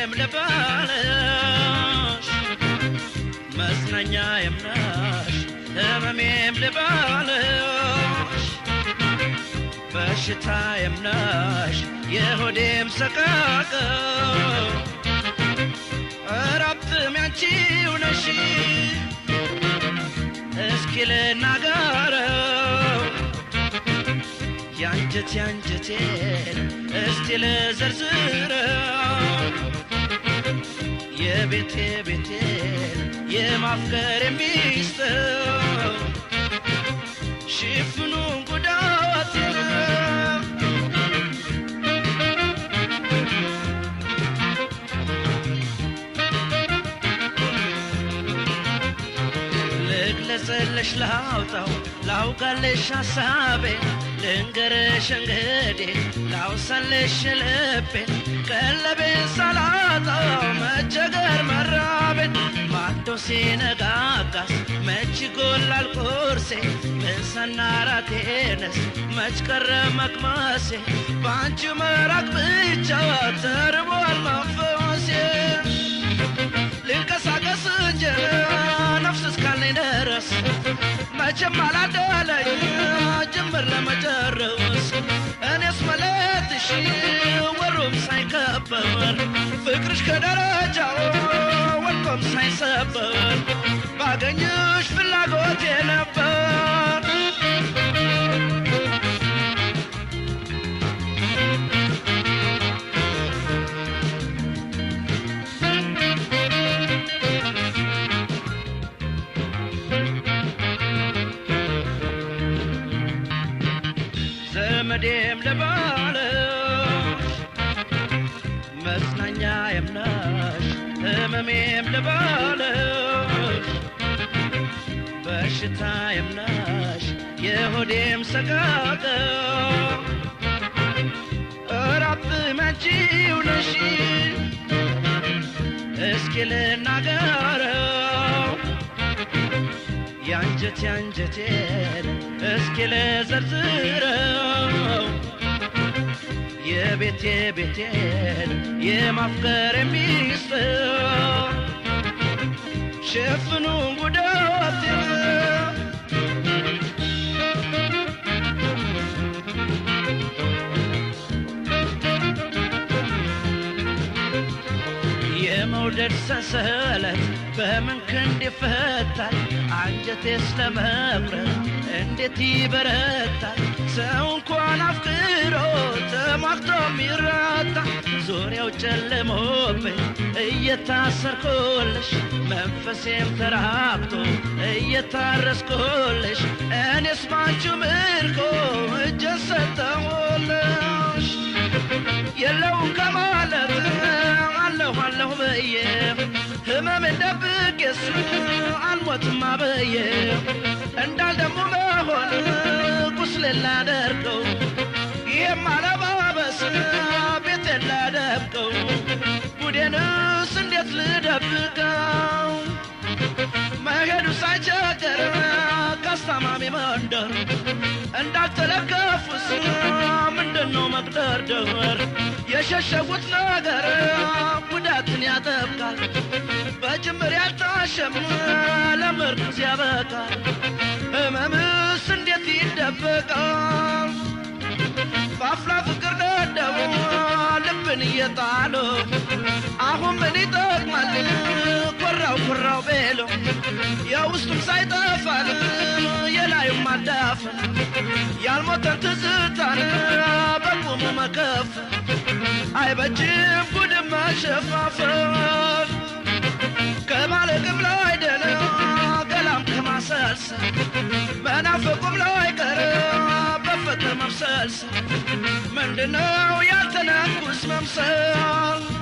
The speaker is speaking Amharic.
እኔም ልባልሽ መጽናኛዬም ነሽ ህመሜም ልባልሽ በሽታዬም ነሽ የሆዴም ሰቃቅ እራብም ያንቺው ነሽ እስኪ ልናገረው ያንጀት ያንጀቴን እስቲ ልዘርዝረው የቤቴ ቤቴ የማፍቀር ሚስጥር ልግለጽልሽ ላውጣው ላውጋልሽ ሐሳቤን ልንገርሽ እንግዴ ላውሳልሽ ልቤን ቀለቤ ሳላጣው መቸገር መራቤን ማቶ ሲነጋጋስ መች ይጎላል ቁርሴ ምሳና ራቴነስ መች ቀረ መቅመሴ በአንቺ መራቅ ብቻ ተርቧል መንፈስ ለመድረስ መቼም አላደለኝ ጅምር ለመጨረስ እኔስ መለትሽ ወሩም ሳይከበር ፍቅርሽ ከደረጃው ወድቆም ሳይሰበር ባገኘሽ ፍላጎት ዘመዴም ልባልሽ መጽናኛዬም ነሽ ህመሜም ልባልሽ በሽታዬም ነሽ የሆዴም ሰጋጥ እራት መጪው ነሽ እስኪ ልናገረው የአንጀት የአንጀቴን እስኪ ልዘርዝረው የቤቴ ቤቴን የማፍቀር የሚስጥር ሸፍኑ ጉዳቴን የመውደድ ሰንሰለት በምን ክንድ ይፈታል? አንጀቴ ስለመብረት እንዴት ይበረታል? ሰው እንኳን አፍቅሮ ተሟግቶ የሚራታ ዙሪያው ጨለሞብኝ እየታሰርኩልሽ መንፈሴም ተራብቶ እየታረስኩልሽ እኔ ባንቺ ምርኮ እጄን ሰጠሁልሽ የለውም አበየ ህመም እንደብቅ የሱ አልሞትም አበየ እንዳል ደግሞ መሆን ቁስል ላደርገው ይህም አለባበስ ቤት ላደብቀው ጉዴንስ እንዴት ልደብቀው መሄዱ ሳይቸገር ከአስታማሚ መንደር እንዳልተለከፉስ ምንድን መቅደርደር የሸሸጉት ነገር ጉዳትን ያጠብቃል። በጅምር ያልታሸምን ለምርኩዝ ያበቃል። ህመምስ እንዴት ይደበቃል? በአፍላ ፍቅር ደደቡ ልብን እየጣሉ አሁን ምን ይጠቅማል? ኮራው ኮራው ቤሎ የውስጡም ሳይጠፋል የላዩም አዳፍን ያልሞተን ትዝታን አይበጅም ጉድም መሸፋፈን ከማለቅም ላይ ደና ገላም ከማሰልሰል መናፍቁም ላይ ቀረ በፍቅር መብሰልሰል ምንድነው ያልተናኩስ መምሰል